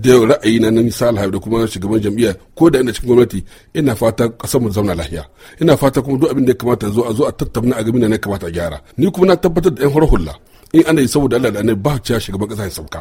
da ra'ayi na nan sa da kuma shugaban jam'iyyar ko da ina cikin gwamnati ina fata kasar mu zauna lafiya ina fata kuma duk abin da ya kamata zo a zo a tattauna a gamin da kamata a gyara ni kuma na tabbatar da yan hurhulla in ana yi saboda Allah da annabi ba ciya shugaban kasa ya sauka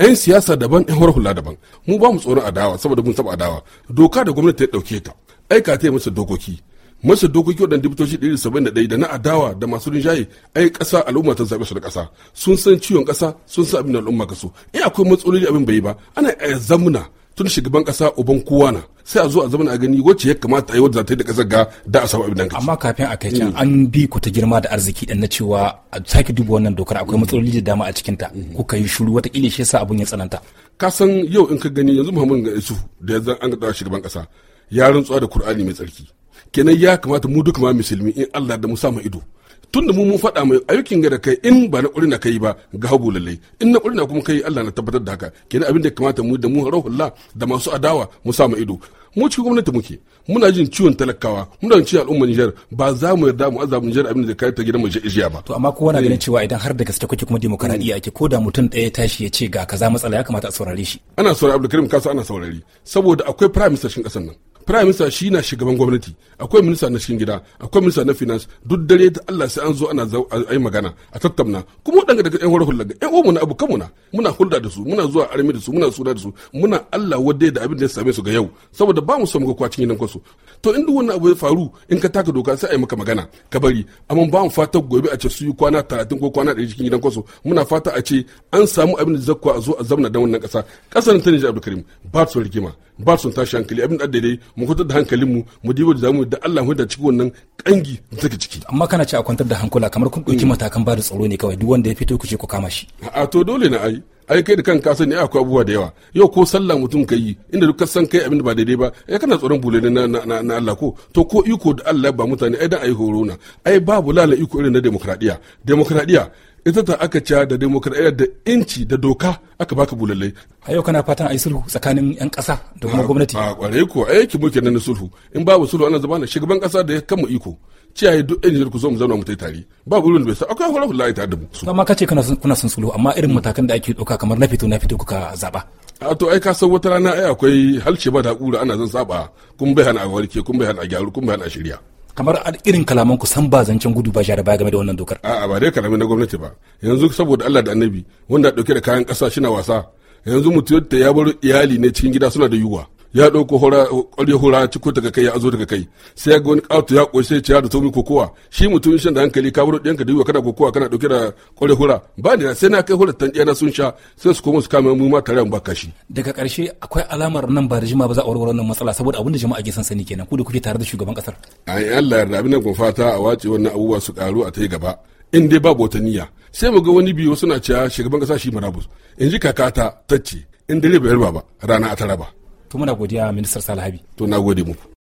yan siyasa daban yan hurhulla daban mu ba mu tsoron adawa saboda mun saba adawa doka da gwamnati ta dauke ta aika ta yi masa dokoki masu dokoki waɗanda ɗari 171 da da na adawa da masu rinjaye ai ƙasa al'umma ta zaɓe su da ƙasa sun san ciwon ƙasa sun san abin da al'umma ka so in akwai matsaloli abin bai ba ana zamuna tun shugaban ƙasa uban kowa na sai a zo a zamana a gani wacce ya kamata a yi wadda ta yi da ƙasar ga da a samu abin da amma kafin a kai can mm. an bi ku ta girma da arziki dan na cewa a sake duba wannan dokar akwai matsaloli da dama a cikin ta mm-hmm. kuka yi shuru watakila shi yasa abun ya tsananta ka san yau in ka gani yanzu muhammadu ga isu da ya zan an ga shugaban ƙasa ya rantsuwa da kur'ani mai tsarki kenan ya kamata mu duka ma musulmi in Allah da mu sa mu ido tunda mu mun faɗa mai ayyukin ga da kai in ba na ƙuri na kai ba ga hagu lalle in na ƙuri na kuma kai Allah na tabbatar da haka kenan abin da kamata mu da mu rahullah da masu adawa mu sa mu ido mu cikin gwamnati muke muna jin ciwon talakawa muna ci al'umma Nijar ba za mu yarda mu azabun Nijar abin da kai ta gidan mu jiya ba to amma kowa na ganin eh. cewa idan har da gaske kuke kuma demokaradiyya hmm. ake ko da mutum ɗaya tashi ya ce ga kaza matsala ya kamata a saurare shi ana saurare Abdulkarim kasa ana saurare saboda akwai prime minister shin kasan nan prime minister shi na shugaban gwamnati akwai minista na cikin gida akwai minista na finance duk dare ta Allah sai an zo ana a yi magana a tattauna kuma wadanda daga yan hulɗa laga yan uwanmu na abokan mu na muna hulɗa da su muna zuwa armi da su muna suna da su muna Allah wadai da abin da ya same su ga yau saboda ba mu so mu ga cikin kwasu to in duk wannan abu ya faru in ka taka doka sai yi maka magana ka bari amma ba mu fata gobe a ce su yi kwana 30 ko kwana 100 cikin gidan kwasu muna fata a ce an samu abin da zakwa a zo a zamna da wannan kasa kasar ta Nijar Abdulkarim ba su rigima ba su tashi hankali abin da daidai mu kwantar da hankalin mu mu diba da zamu da Allah hutar cikin wannan kangi da take ciki amma kana ce a kwantar da hankula kamar kun dauki mm. matakan ba da tsaro ne kawai duk wanda ya fito ku ce ku kama shi a to dole na ai ai kai da ka sani akwai abubuwa da yawa yau ko sallah mutum ka yi inda duk san kai abin da ba daidai ba ai kana tsoron bule na na Allah ko to ko iko da Allah ba mutane ai dan ai horo na ai babu lala iko irin na demokradiya demokradiya ita ta aka ciya da demokaraɗiyya da inci da doka aka baka bulallai a yau kana fatan a yi sulhu tsakanin yan ƙasa. da kuma gwamnati a ƙware ko aiki muke nan sulhu in babu sulhu ana zama na shugaban ƙasa da ya kama iko ciyaye duk yan jirku zo mu zauna mu tai tare ba burin da bai sa akwai hulafu la'i tare da mu amma ce kana kuna son sulhu amma irin matakan da ake doka kamar na fito na fito kuka zaɓa. a to ai ka san wata rana ai akwai halce ba da ƙura ana zan saba kun bai hana a warke kun bai hana a gyaru kun bai hana a shirya kamar irin kalaman ku san ba zancen gudu ba da baya game da wannan dokar a'a ba dai kalamin na gwamnati ba yanzu saboda Allah da Annabi wanda dauke da kayan kasa shi na wasa yanzu mutum ya bar iyali ne cikin gida suna da yuwa ya ɗauko ƙwarya hura ya ciko daga kai ya azo daga kai sai ya ga wani ƙato ya ƙoshe ciyar da taumi kokowa shi mutum shan da hankali ka buro ɗiyanka da kana kokowa kana ɗauke da ƙwarya hura ba da sai na kai hura tan ɗiyana sun sha sai su koma su kama mu ma tare ba kashi. daga ƙarshe akwai alamar nan ba da jima ba za a warware wannan matsala saboda abin da jama'a ke sansani kenan ku da kuke tare da shugaban ƙasar. a yi allah yarda abin da kun fata a wace wannan abubuwa su ƙaru a ta yi gaba in dai babu wata niyya sai mu ga wani biyu suna cewa shugaban ƙasa shi marabus in ji kakata tacce in dare bai yarba ba rana a tara ba. to muna godiya ministar salahabi to na gode muku